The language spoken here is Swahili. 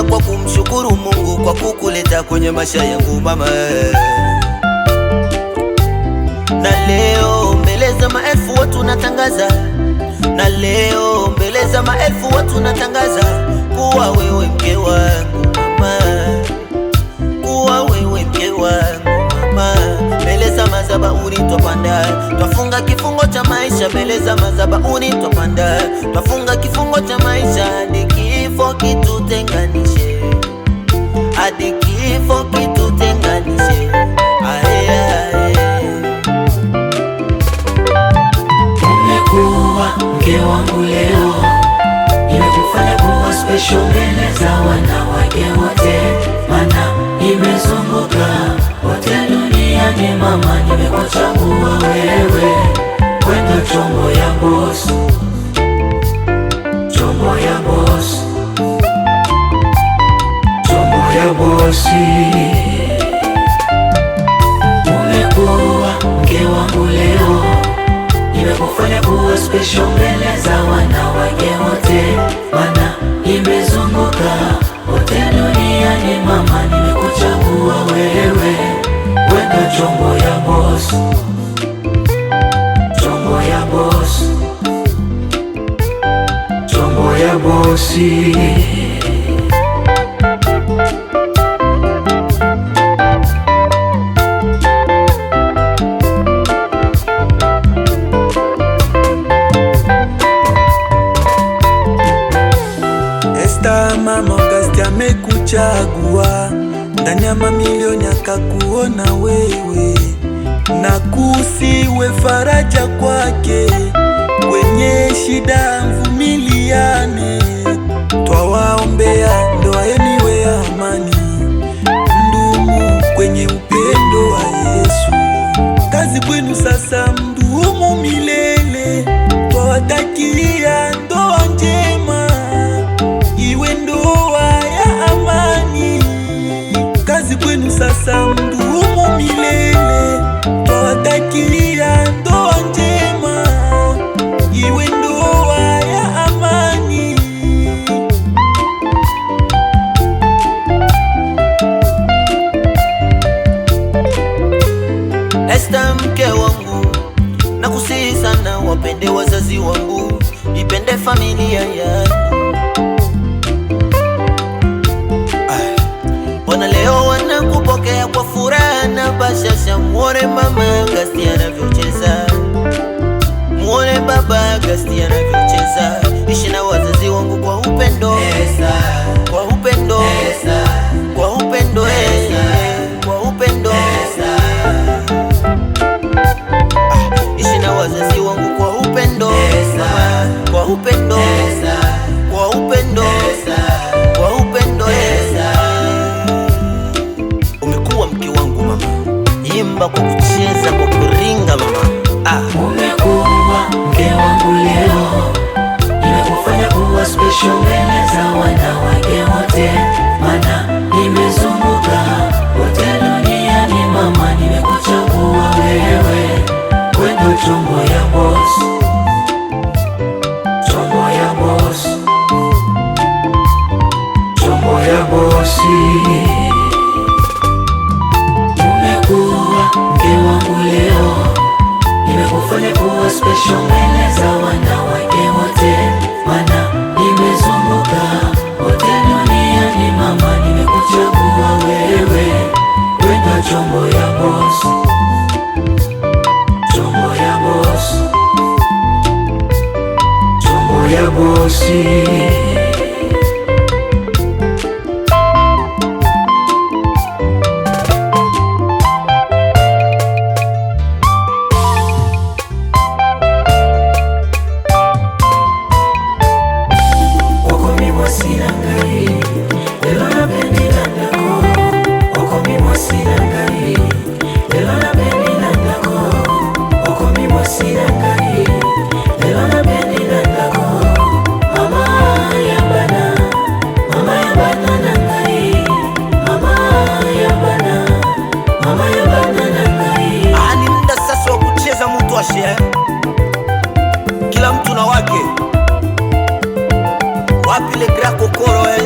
Naanza kwa kumshukuru Mungu kwa kukuleta kwenye maisha yangu mama, na leo mbele za maelfu watu natangaza, na leo mbele za maelfu watu natangaza kuwa wewe mke wangu mama. mazabauni twapandaye twafunga kifungo cha maisha mbele za mazabauni twapandaye twafunga kifungo cha maisha hadi kifo kitutenganishe, hadi kifo kitutenganishe. Umekuwa mke wangu leo, imekufanya kuwa special mbele za wanawake wote, mana imezunguka lakini mama, nimekuchagua wewe kwenda chombo ya bosi, chombo ya bosi, chombo ya bosi. Umekuwa mke wangu leo, nimekufanya kuwa special mbele za wanawake wote, mana imezunguka wote duniani. Mama, nimekuchagua wewe yo voy a vos. Yo voy a vos. Yo voy a vos, sí. Esta mamá ya me escucha agua ndani ya mamilioni akakuona wewe na kusiwe faraja kwake kwenye shida, mvumiliane, twawaombea ndoa yenu iwe ya amani, mdumu kwenye upendo wa Yesu. Kazi kwenu sasa, mdumu milele, twawatakia Esta mke wangu, na kusihi sana, wapende wazazi wangu, ipende familia yangu. Wana leo wanakupokea kwa furaha na bashasha, muone mama Agasti anavyocheza, muone baba Agasti anavyocheza kuimba, kwa kucheza, kwa kuringa mama ah. Umekuwa mke wangu leo, nimekufanya kuwa special mbele za wanawake wote, mana see. wapi le gran kokoro